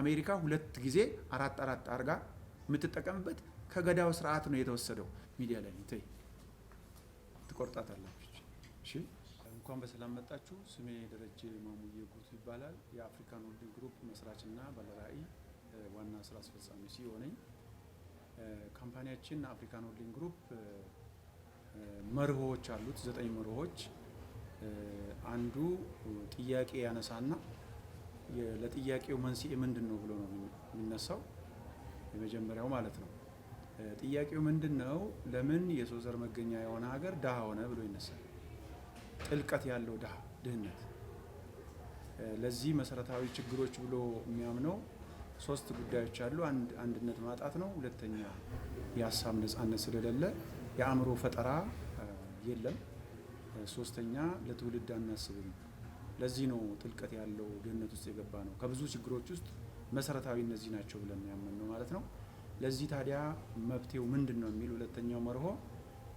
አሜሪካ ሁለት ጊዜ አራት አራት አርጋ የምትጠቀምበት ከገዳው ስርዓት ነው የተወሰደው። ሚዲያ ላይ ተይ ትቆርጣታላችሁ። እሺ እንኳን በሰላም መጣችሁ። ስሜ ደረጀ ማሙዬ ጉቱ ይባላል። የአፍሪካን ሆልዲንግ ግሩፕ መስራችና ባለራዕይ ዋና ስራ አስፈጻሚ ሲሆነኝ ካምፓኒያችን አፍሪካን ሆልዲንግ ግሩፕ መርሆዎች አሉት። ዘጠኝ መርሆች አንዱ ጥያቄ ያነሳና ለጥያቄው መንስኤ ምንድን ነው ብሎ ነው የሚነሳው። የመጀመሪያው ማለት ነው ጥያቄው ምንድን ነው? ለምን የሰው ዘር መገኛ የሆነ ሀገር ድሃ ሆነ ብሎ ይነሳል። ጥልቀት ያለው ድሃ ድህነት ለዚህ መሰረታዊ ችግሮች ብሎ የሚያምነው ሶስት ጉዳዮች አሉ። አንድነት ማጣት ነው። ሁለተኛ የሀሳብ ነጻነት ስለሌለ የአእምሮ ፈጠራ የለም። ሶስተኛ ለትውልድ አናስብም። ለዚህ ነው ጥልቀት ያለው ገነት ውስጥ የገባ ነው። ከብዙ ችግሮች ውስጥ መሰረታዊ እነዚህ ናቸው ብለን ያመን ነው ማለት ነው። ለዚህ ታዲያ መፍትሄው ምንድን ነው የሚል ሁለተኛው መርሆ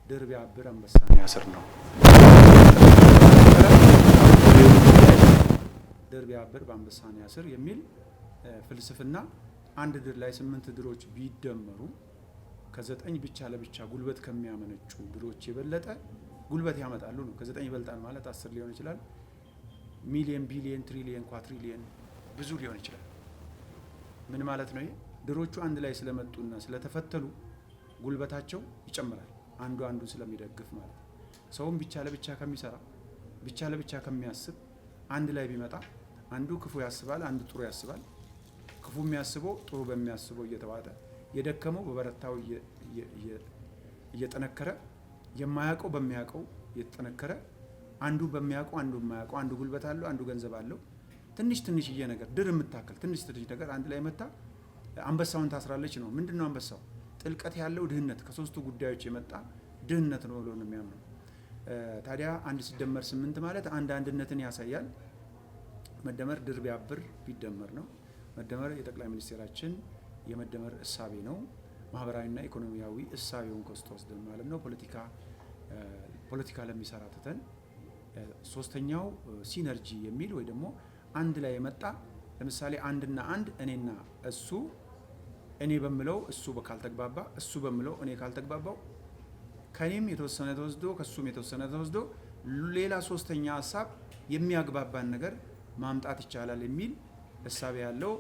ድር ቢያብር አንበሳ ያስር ነው። ድር ቢያብር በአንበሳ ያስር የሚል ፍልስፍና አንድ ድር ላይ ስምንት ድሮች ቢደመሩ ከዘጠኝ ብቻ ለብቻ ጉልበት ከሚያመነጩ ድሮች የበለጠ ጉልበት ያመጣሉ ነው። ከዘጠኝ ይበልጣል ማለት አስር ሊሆን ይችላል። ሚሊየን፣ ቢሊየን፣ ትሪሊየን፣ ኳትሪሊየን ብዙ ሊሆን ይችላል። ምን ማለት ነው? ይሄ ድሮቹ አንድ ላይ ስለመጡና ስለተፈተሉ ጉልበታቸው ይጨምራል፣ አንዱ አንዱን ስለሚደግፍ ማለት ነው። ሰውም ብቻ ለብቻ ከሚሰራ ብቻ ለብቻ ከሚያስብ አንድ ላይ ቢመጣ አንዱ ክፉ ያስባል፣ አንዱ ጥሩ ያስባል። ክፉ የሚያስበው ጥሩ በሚያስበው እየተዋጠ የደከመው በበረታው እየጠነከረ የማያውቀው በሚያውቀው የተጠነከረ አንዱ በሚያውቀው አንዱ የማያውቀው አንዱ ጉልበት አለው አንዱ ገንዘብ አለው ትንሽ ትንሽዬ ነገር ድር የምታክል ትንሽ ትንሽ ነገር አንድ ላይ መታ አንበሳውን ታስራለች ነው ምንድን ነው አንበሳው ጥልቀት ያለው ድህነት ከሶስቱ ጉዳዮች የመጣ ድህነት ነው ብሎ ነው የሚያምነው ታዲያ አንድ ሲደመር ስምንት ማለት አንድ አንድነትን ያሳያል መደመር ድር ቢያብር ቢደመር ነው መደመር የጠቅላይ ሚኒስቴራችን የመደመር እሳቤ ነው ማህበራዊና ኢኮኖሚያዊ እሳቤውን ከውስጥ ወስደን ማለት ነው ፖለቲካ ፖለቲካ ለሚሰራ ትተን ሶስተኛው ሲነርጂ የሚል ወይ ደግሞ አንድ ላይ የመጣ ለምሳሌ አንድና አንድ እኔና እሱ እኔ በምለው እሱ ካልተግባባ እሱ በምለው እኔ ካልተግባባው ከኔም የተወሰነ ተወስዶ ከሱም የተወሰነ ተወስዶ ሌላ ሶስተኛ ሀሳብ የሚያግባባን ነገር ማምጣት ይቻላል የሚል እሳቤ ያለው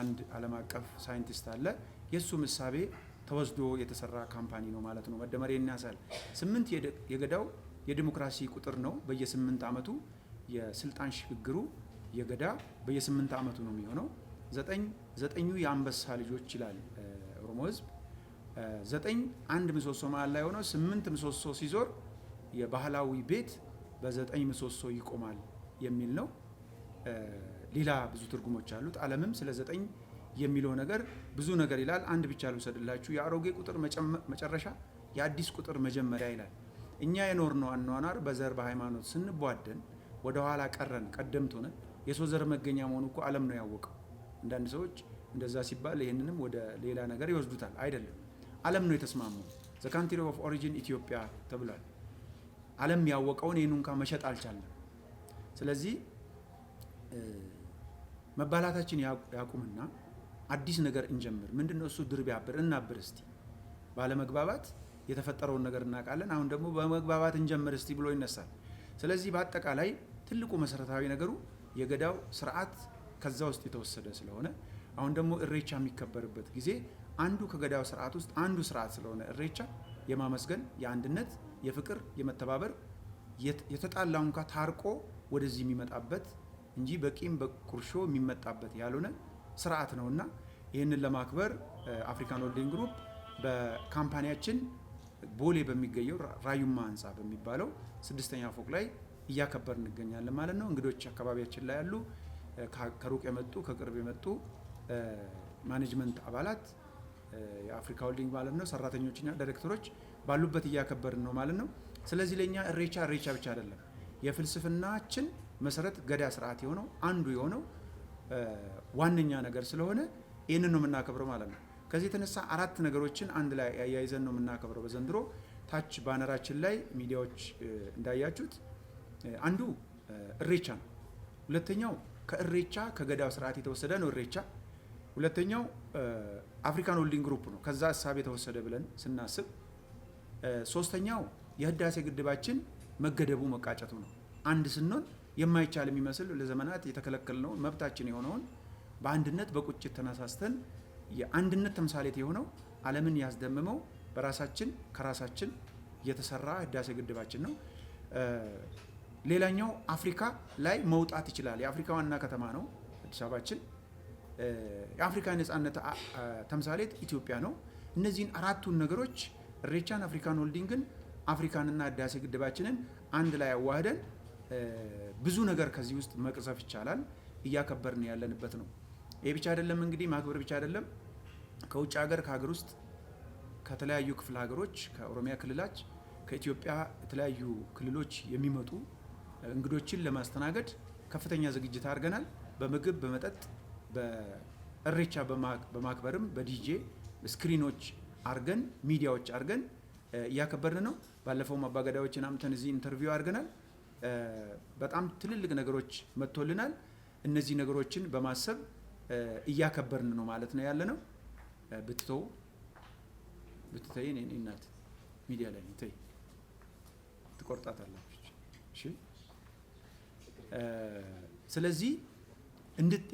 አንድ ዓለም አቀፍ ሳይንቲስት አለ። የእሱም እሳቤ ተወስዶ የተሰራ ካምፓኒ ነው ማለት ነው። መደመር ያሳል ስምንት የገዳው የዲሞክራሲ ቁጥር ነው። በየስምንት ዓመቱ የስልጣን ሽግግሩ የገዳ በየስምንት ዓመቱ ነው የሚሆነው። ዘጠኝ ዘጠኙ የአንበሳ ልጆች ይላል ኦሮሞ ህዝብ ዘጠኝ አንድ ምሰሶ መሀል ላይ ሆነው ስምንት ምሰሶ ሲዞር የባህላዊ ቤት በዘጠኝ ምሰሶ ይቆማል የሚል ነው። ሌላ ብዙ ትርጉሞች አሉት። ዓለምም ስለ ዘጠኝ የሚለው ነገር ብዙ ነገር ይላል። አንድ ብቻ ልውሰድላችሁ። የአሮጌ ቁጥር መጨረሻ፣ የአዲስ ቁጥር መጀመሪያ ይላል። እኛ የኖርነው አኗኗር በዘር በሃይማኖት ስንቧደን ወደ ኋላ ቀረን፣ ቀደምት ሆነን የሰው ዘር መገኛ መሆኑ እኮ ዓለም ነው ያወቀው። አንዳንድ ሰዎች እንደዛ ሲባል ይህንንም ወደ ሌላ ነገር ይወስዱታል። አይደለም፣ ዓለም ነው የተስማማው። ዘ ካንትሪ ኦፍ ኦሪጂን ኢትዮጵያ ተብሏል። ዓለም ያወቀውን ይህን እንኳ መሸጥ አልቻለም። ስለዚህ መባላታችን ያቁምና አዲስ ነገር እንጀምር። ምንድነው እሱ? ድር ቢያብር እናብር እስቲ ባለመግባባት የተፈጠረውን ነገር እናውቃለን። አሁን ደግሞ በመግባባት እንጀምር እስቲ ብሎ ይነሳል። ስለዚህ በአጠቃላይ ትልቁ መሰረታዊ ነገሩ የገዳው ስርዓት ከዛ ውስጥ የተወሰደ ስለሆነ አሁን ደግሞ እሬቻ የሚከበርበት ጊዜ አንዱ ከገዳው ስርዓት ውስጥ አንዱ ስርዓት ስለሆነ እሬቻ የማመስገን የአንድነት፣ የፍቅር፣ የመተባበር የተጣላው እንኳ ታርቆ ወደዚህ የሚመጣበት እንጂ በቂም በቁርሾ የሚመጣበት ያልሆነ ስርዓት ነውና ይህንን ለማክበር አፍሪካን ሆልዲንግ ግሩፕ በካምፓኒያችን ቦሌ በሚገኘው ራዩማ ህንፃ በሚባለው ስድስተኛ ፎቅ ላይ እያከበር እንገኛለን ማለት ነው። እንግዶች አካባቢያችን ላይ ያሉ ከሩቅ የመጡ ከቅርብ የመጡ ማኔጅመንት አባላት የአፍሪካ ሆልዲንግ ማለት ነው ሰራተኞችና ዳይሬክተሮች ባሉበት እያከበርን ነው ማለት ነው። ስለዚህ ለእኛ እሬቻ እሬቻ ብቻ አይደለም፣ የፍልስፍናችን መሰረት ገዳ ስርዓት የሆነው አንዱ የሆነው ዋነኛ ነገር ስለሆነ ይህንን ነው የምናከብረው ማለት ነው። ከዚህ የተነሳ አራት ነገሮችን አንድ ላይ አያይዘን ነው የምናከብረው በዘንድሮ ታች ባነራችን ላይ ሚዲያዎች እንዳያችሁት አንዱ እሬቻ ነው። ሁለተኛው ከእሬቻ ከገዳው ስርዓት የተወሰደ ነው እሬቻ። ሁለተኛው አፍሪካን ሆልዲንግ ግሩፕ ነው ከዛ ሀሳብ የተወሰደ ብለን ስናስብ፣ ሶስተኛው የህዳሴ ግድባችን መገደቡ መቃጨቱ ነው። አንድ ስንሆን የማይቻል የሚመስል ለዘመናት የተከለከልነውን መብታችን የሆነውን በአንድነት በቁጭት ተነሳስተን የአንድነት ተምሳሌት የሆነው ዓለምን ያስደምመው በራሳችን ከራሳችን የተሰራ ህዳሴ ግድባችን ነው። ሌላኛው አፍሪካ ላይ መውጣት ይችላል። የአፍሪካ ዋና ከተማ ነው አዲስ አበባችን። የአፍሪካ ነጻነት ተምሳሌት ኢትዮጵያ ነው። እነዚህን አራቱን ነገሮች ኢሬቻን፣ አፍሪካን ሆልዲንግን፣ አፍሪካንና ህዳሴ ግድባችንን አንድ ላይ አዋህደን ብዙ ነገር ከዚህ ውስጥ መቅዘፍ ይቻላል። እያከበርን ያለንበት ነው። ይህ ብቻ አይደለም እንግዲህ ማክበር ብቻ አይደለም። ከውጭ ሀገር፣ ከሀገር ውስጥ፣ ከተለያዩ ክፍለ ሀገሮች፣ ከኦሮሚያ ክልላች፣ ከኢትዮጵያ የተለያዩ ክልሎች የሚመጡ እንግዶችን ለማስተናገድ ከፍተኛ ዝግጅት አድርገናል። በምግብ በመጠጥ በእሬቻ በማክበርም በዲጄ ስክሪኖች አርገን ሚዲያዎች አርገን እያከበርን ነው። ባለፈውም አባገዳዮችን አምተን እዚህ ኢንተርቪው አድርገናል። በጣም ትልልቅ ነገሮች መጥቶልናል። እነዚህ ነገሮችን በማሰብ እያከበርን ነው ማለት ነው ያለ ነው። ብትተው ብትተይ እኔ እናት ሚዲያ ላይ ተይ ትቆርጣታላችሁ። እሺ ስለዚህ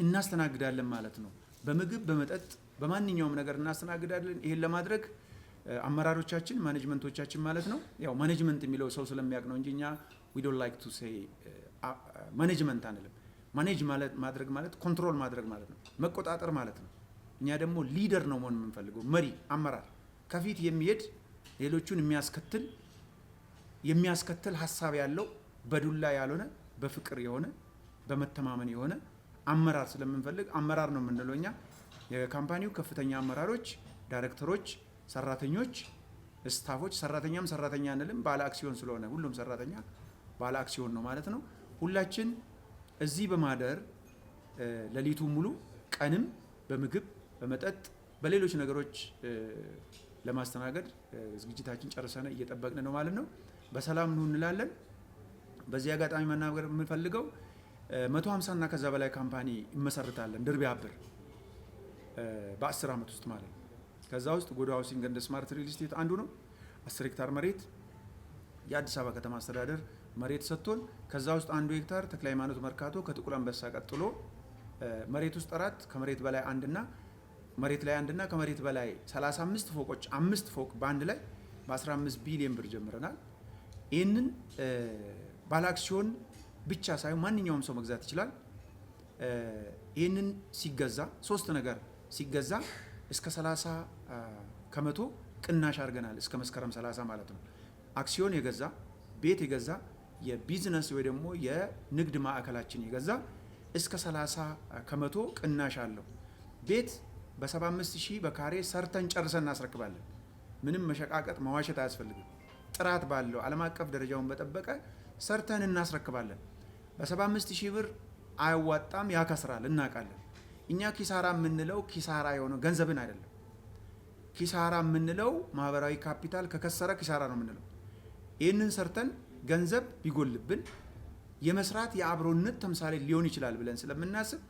እናስተናግዳለን ማለት ነው። በምግብ በመጠጥ በማንኛውም ነገር እናስተናግዳለን። ይሄን ለማድረግ አመራሮቻችን ማኔጅመንቶቻችን ማለት ነው ያው ማኔጅመንት የሚለው ሰው ስለሚያውቅ ነው እንጂ እኛ ዊ ዶንት ላይክ ቱ ሴይ ማኔጅመንት አንልም። ማኔጅ ማድረግ ማለት ኮንትሮል ማድረግ ማለት ነው፣ መቆጣጠር ማለት ነው። እኛ ደግሞ ሊደር ነው መሆን የምንፈልገው፣ መሪ፣ አመራር፣ ከፊት የሚሄድ ሌሎቹን የሚያስከትል የሚያስከትል ሀሳብ ያለው በዱላ ያልሆነ በፍቅር የሆነ በመተማመን የሆነ አመራር ስለምንፈልግ አመራር ነው የምንለው እኛ። የካምፓኒው ከፍተኛ አመራሮች፣ ዳይሬክተሮች፣ ሰራተኞች፣ ስታፎች ሰራተኛም ሰራተኛ አንልም፣ ባለ አክሲዮን ስለሆነ ሁሉም ሰራተኛ ባለ አክሲዮን ነው ማለት ነው ሁላችን እዚህ በማደር ሌሊቱ ሙሉ ቀንም በምግብ በመጠጥ በሌሎች ነገሮች ለማስተናገድ ዝግጅታችን ጨርሰን እየጠበቅን ነው ማለት ነው። በሰላም ኑ እንላለን። በዚህ አጋጣሚ መናገር የምንፈልገው 150 እና ከዛ በላይ ካምፓኒ እመሰርታለን አብር በ በአስር ዓመት ውስጥ ማለት ነው። ከዛ ውስጥ ጎዳ ሃውሲንግ እንደ ስማርት ሪል ስቴት አንዱ ነው። አስር ሄክታር መሬት የአዲስ አበባ ከተማ አስተዳደር መሬት ሰጥቶን ከዛ ውስጥ አንዱ ሄክታር ተክለ ሃይማኖት መርካቶ ከጥቁር አንበሳ ቀጥሎ መሬት ውስጥ አራት ከመሬት በላይ አንድና መሬት ላይ አንድና ከመሬት በላይ 35 ፎቆች አምስት ፎቅ በአንድ ላይ በ15 ቢሊዮን ብር ጀምረናል። ይህንን ባለአክሲዮን ብቻ ሳይሆን ማንኛውም ሰው መግዛት ይችላል። ይህንን ሲገዛ ሶስት ነገር ሲገዛ እስከ 30 ከመቶ ቅናሽ አድርገናል። እስከ መስከረም 30 ማለት ነው። አክሲዮን የገዛ ቤት የገዛ የቢዝነስ ወይ ደግሞ የንግድ ማዕከላችን የገዛ እስከ 30 ከመቶ ቅናሽ አለው። ቤት በ75 ሺህ በካሬ ሰርተን ጨርሰን እናስረክባለን። ምንም መሸቃቀጥ መዋሸት አያስፈልግም። ጥራት ባለው ዓለም አቀፍ ደረጃውን በጠበቀ ሰርተን እናስረክባለን። በ75 ሺህ ብር አያዋጣም፣ ያከስራል፣ እናውቃለን። እኛ ኪሳራ የምንለው ኪሳራ የሆነው ገንዘብን አይደለም። ኪሳራ የምንለው ማህበራዊ ካፒታል ከከሰረ ኪሳራ ነው የምንለው። ይህንን ሰርተን ገንዘብ ቢጎልብን የመስራት የአብሮነት ተምሳሌ ሊሆን ይችላል ብለን ስለምናስብ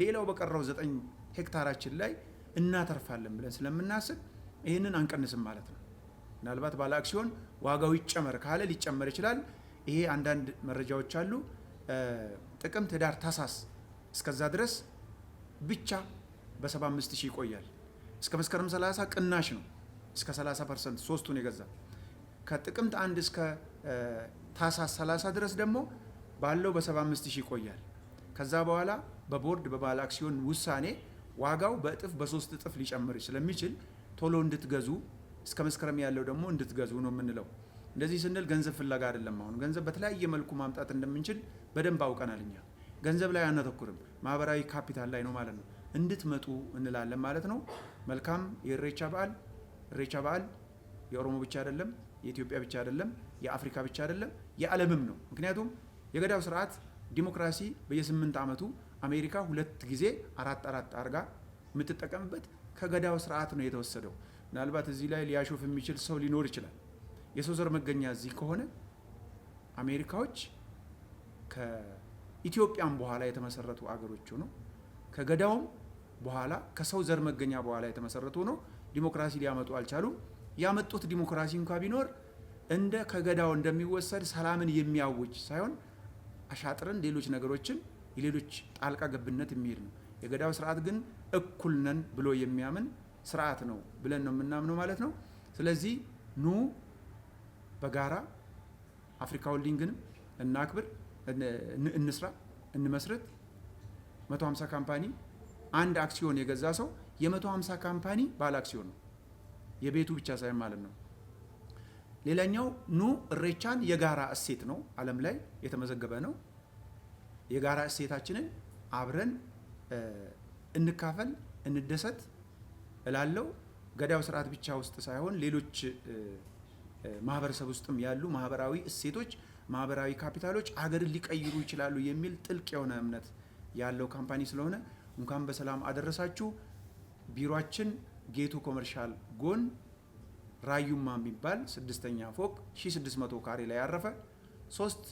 ሌላው በቀረው ዘጠኝ ሄክታራችን ላይ እናተርፋለን ብለን ስለምናስብ ይህንን አንቀንስም ማለት ነው። ምናልባት ባለ አክሲዮን ዋጋው ይጨመር ካለ ሊጨመር ይችላል። ይሄ አንዳንድ መረጃዎች አሉ። ጥቅምት፣ ህዳር፣ ታህሳስ እስከዛ ድረስ ብቻ በ75 ሺህ ይቆያል። እስከ መስከረም 30 ቅናሽ ነው። እስከ 30 ፐርሰንት ሶስቱን የገዛ ከጥቅምት አንድ እስከ ታሳ 30 ድረስ ደግሞ ባለው በ75 ሺህ ይቆያል። ከዛ በኋላ በቦርድ በባለ አክሲዮን ውሳኔ ዋጋው በእጥፍ በሶስት እጥፍ ሊጨምር ስለሚችል ቶሎ እንድትገዙ እስከ መስከረም ያለው ደግሞ እንድትገዙ ነው የምንለው። እንደዚህ ስንል ገንዘብ ፍለጋ አይደለም። አሁን ገንዘብ በተለያየ መልኩ ማምጣት እንደምንችል በደንብ አውቀናል። እኛ ገንዘብ ላይ አናተኩርም፣ ማህበራዊ ካፒታል ላይ ነው ማለት ነው። እንድትመጡ እንላለን ማለት ነው። መልካም የእሬቻ በዓል። እሬቻ በዓል የኦሮሞ ብቻ አይደለም የኢትዮጵያ ብቻ አይደለም፣ የአፍሪካ ብቻ አይደለም፣ የዓለምም ነው። ምክንያቱም የገዳው ስርዓት ዲሞክራሲ በየስምንት ዓመቱ አሜሪካ ሁለት ጊዜ አራት አራት አርጋ የምትጠቀምበት ከገዳው ስርዓት ነው የተወሰደው። ምናልባት እዚህ ላይ ሊያሾፍ የሚችል ሰው ሊኖር ይችላል። የሰው ዘር መገኛ እዚህ ከሆነ አሜሪካዎች ከኢትዮጵያም በኋላ የተመሰረቱ አገሮች ሆኖ ከገዳውም በኋላ ከሰው ዘር መገኛ በኋላ የተመሰረቱ ሆኖ ዲሞክራሲ ሊያመጡ አልቻሉም። ያመጡት ዲሞክራሲ እንኳ ቢኖር እንደ ከገዳው እንደሚወሰድ ሰላምን የሚያውጅ ሳይሆን አሻጥርን፣ ሌሎች ነገሮችን የሌሎች ጣልቃ ገብነት የሚሄድ ነው። የገዳው ስርዓት ግን እኩል ነን ብሎ የሚያምን ስርዓት ነው ብለን ነው የምናምነው ማለት ነው። ስለዚህ ኑ በጋራ አፍሪካ ሆልዲንግንም እናክብር፣ እንስራ፣ እንመስረት። 150 ካምፓኒ አንድ አክሲዮን የገዛ ሰው የ150 ካምፓኒ ባለ አክሲዮን ነው። የቤቱ ብቻ ሳይሆን ማለት ነው። ሌላኛው ኑ እሬቻን የጋራ እሴት ነው፣ ዓለም ላይ የተመዘገበ ነው። የጋራ እሴታችንን አብረን እንካፈል፣ እንደሰት እላለው። ገዳው ስርዓት ብቻ ውስጥ ሳይሆን ሌሎች ማህበረሰብ ውስጥም ያሉ ማህበራዊ እሴቶች፣ ማህበራዊ ካፒታሎች አገርን ሊቀይሩ ይችላሉ የሚል ጥልቅ የሆነ እምነት ያለው ካምፓኒ ስለሆነ እንኳን በሰላም አደረሳችሁ ቢሮችን ጌቱ ኮመርሻል ጎን ራዩማ የሚባል ስድስተኛ ፎቅ 1600 ካሬ ላይ ያረፈ ሶስት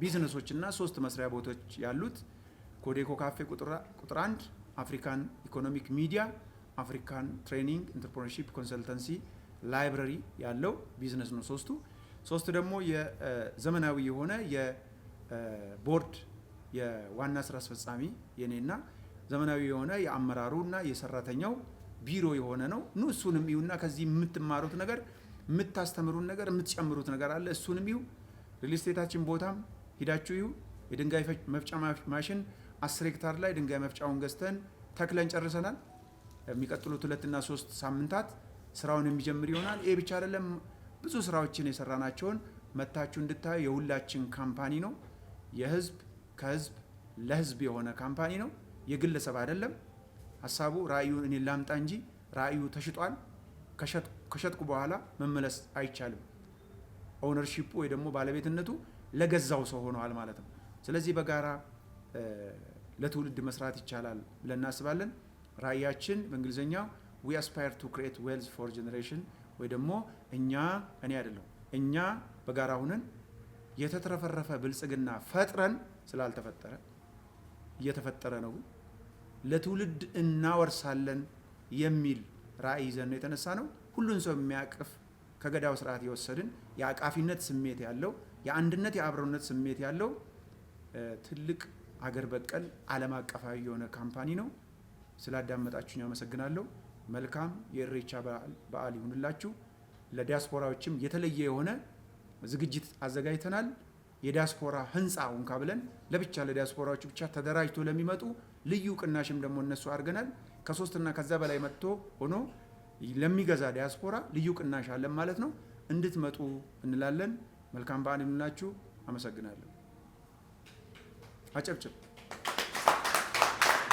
ቢዝነሶች እና ሶስት መስሪያ ቦታዎች ያሉት ኮዴኮ ካፌ ቁጥር አንድ አፍሪካን ኢኮኖሚክ ሚዲያ፣ አፍሪካን ትሬኒንግ ኢንተርፕርነርሺፕ ኮንሰልተንሲ፣ ላይብረሪ ያለው ቢዝነስ ነው ሶስቱ። ሶስት ደግሞ የዘመናዊ የሆነ የቦርድ የዋና ስራ አስፈጻሚ የኔና ዘመናዊ የሆነ የአመራሩ እና የሰራተኛው ቢሮ የሆነ ነው። ኑ እሱንም ይሁና። ከዚህ የምትማሩት ነገር የምታስተምሩን ነገር የምትጨምሩት ነገር አለ። እሱንም ይሁ ሪልስቴታችን ቦታም ሂዳችሁ ይሁ የድንጋይ መፍጫ ማሽን አስር ሄክታር ላይ ድንጋይ መፍጫውን ገዝተን ተክለን ጨርሰናል። የሚቀጥሉት ሁለትና ሶስት ሳምንታት ስራውን የሚጀምር ይሆናል። ይሄ ብቻ አይደለም፣ ብዙ ስራዎችን የሰራናቸውን መታችሁ እንድታዩ የሁላችን ካምፓኒ ነው። የህዝብ ከህዝብ ለህዝብ የሆነ ካምፓኒ ነው። የግለሰብ አይደለም። ሀሳቡ ራእዩ እኔ ላምጣ እንጂ ራእዩ ተሽጧል፣ ከሸጥኩ በኋላ መመለስ አይቻልም። ኦውነርሺፑ ወይ ደግሞ ባለቤትነቱ ለገዛው ሰው ሆነዋል ማለት ነው። ስለዚህ በጋራ ለትውልድ መስራት ይቻላል ብለን እናስባለን። ራእያችን በእንግሊዝኛው ዊ አስፓየር ቱ ክሪኤት ዌልዝ ፎር ጀኔሬሽን ወይ ደግሞ እኛ እኔ አይደለም እኛ በጋራ ሁነን የተትረፈረፈ ብልጽግና ፈጥረን ስላልተፈጠረ እየተፈጠረ ነው ለትውልድ እናወርሳለን የሚል ራዕይ ይዘን ነው የተነሳ ነው። ሁሉን ሰው የሚያቅፍ ከገዳው ስርዓት የወሰድን የአቃፊነት ስሜት ያለው የአንድነት የአብሮነት ስሜት ያለው ትልቅ አገር በቀል ዓለም አቀፋዊ የሆነ ካምፓኒ ነው። ስላዳመጣችሁኝ አመሰግናለሁ። መልካም የእሬቻ በዓል ይሁንላችሁ። ለዲያስፖራዎችም የተለየ የሆነ ዝግጅት አዘጋጅተናል። የዲያስፖራ ህንፃ ውንካ ብለን ለብቻ ለዲያስፖራዎች ብቻ ተደራጅቶ ለሚመጡ ልዩ ቅናሽም ደግሞ እነሱ አድርገናል። ከሶስትና ከዛ በላይ መጥቶ ሆኖ ለሚገዛ ዲያስፖራ ልዩ ቅናሽ አለን ማለት ነው። እንድትመጡ እንላለን። መልካም በዓል ይሁንላችሁ። አመሰግናለሁ። አጨብጭብ